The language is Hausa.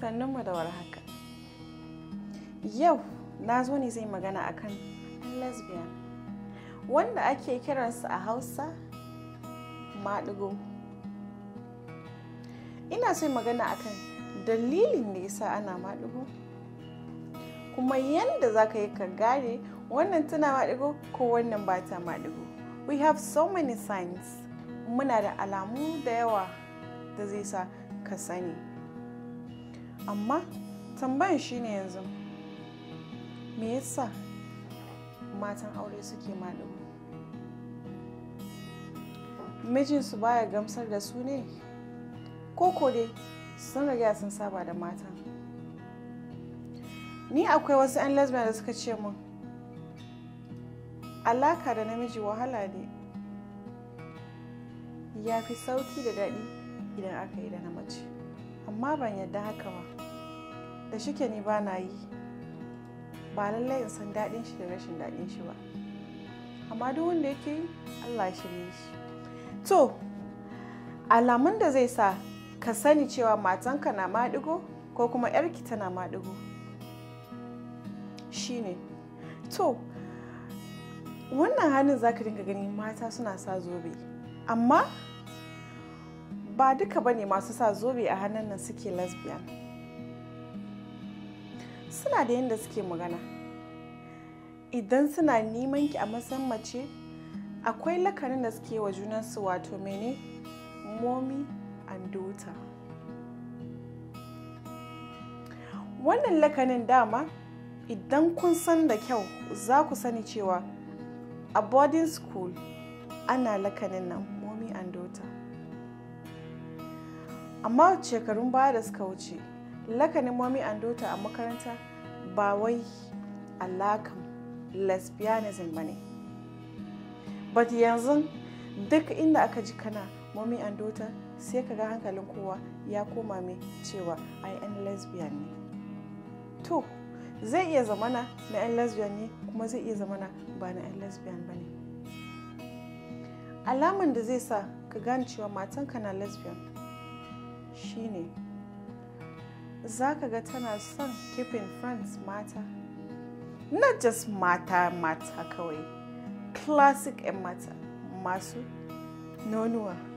Sannun mu da warhaka. Yau na zo ne zai magana akan lesbian wanda ake kiransa a Hausa maɗigo. Ina so magana akan dalilin da yasa ana maɗigo kuma yadda za ka yi ka gane wannan tana maɗigo ko wannan ba ta maɗigo. We have so many signs. Muna da alamu da yawa da zai sa ka sani. amma tambayan shine yanzu me yasa matan aure suke maɗigo mijinsu baya gamsar da su ne ko kode sun riga sun saba da matan ni akwai wasu 'yan lesbian da suka ce min alaka da namiji wahala ne ya fi sauki da daɗi idan aka yi da na mace amma ban yadda haka ba da shike ni ba na yi ba lallai in san daɗin shi da rashin daɗin shi ba amma duk wanda yake yi allah shirye shi to alamun da zai sa ka sani cewa matanka na maɗigo ko kuma yarki tana maɗigo shine to wannan hannun za ka dinga ganin mata suna sa zobe amma ba duka bane masu sa zobe a hannun nan suke lesbian suna da yadda suke magana idan suna neman ki a matsayin mace akwai lakanin da suke wa junansu wato mene mommy and daughter wannan lakanin dama idan kun san da kyau za ku sani cewa a boarding school ana lakanin nan amma shekarun baya da suka wuce lakanin mommy and daughter a makaranta ba wai alakan lesbianism ba ne but yanzu duk inda aka ji kana mommy and daughter sai ka ga hankalin kowa ya koma mai cewa ai yan lesbian ne to zai iya zamana na yan lesbian ne kuma zai iya zamana ba na yan lesbian ba ne alaman da zai sa ka gane cewa matanka na lesbian shine za ka ga tana son keeping friends mata not just mata mata kawai classic 'yan mata masu nonuwa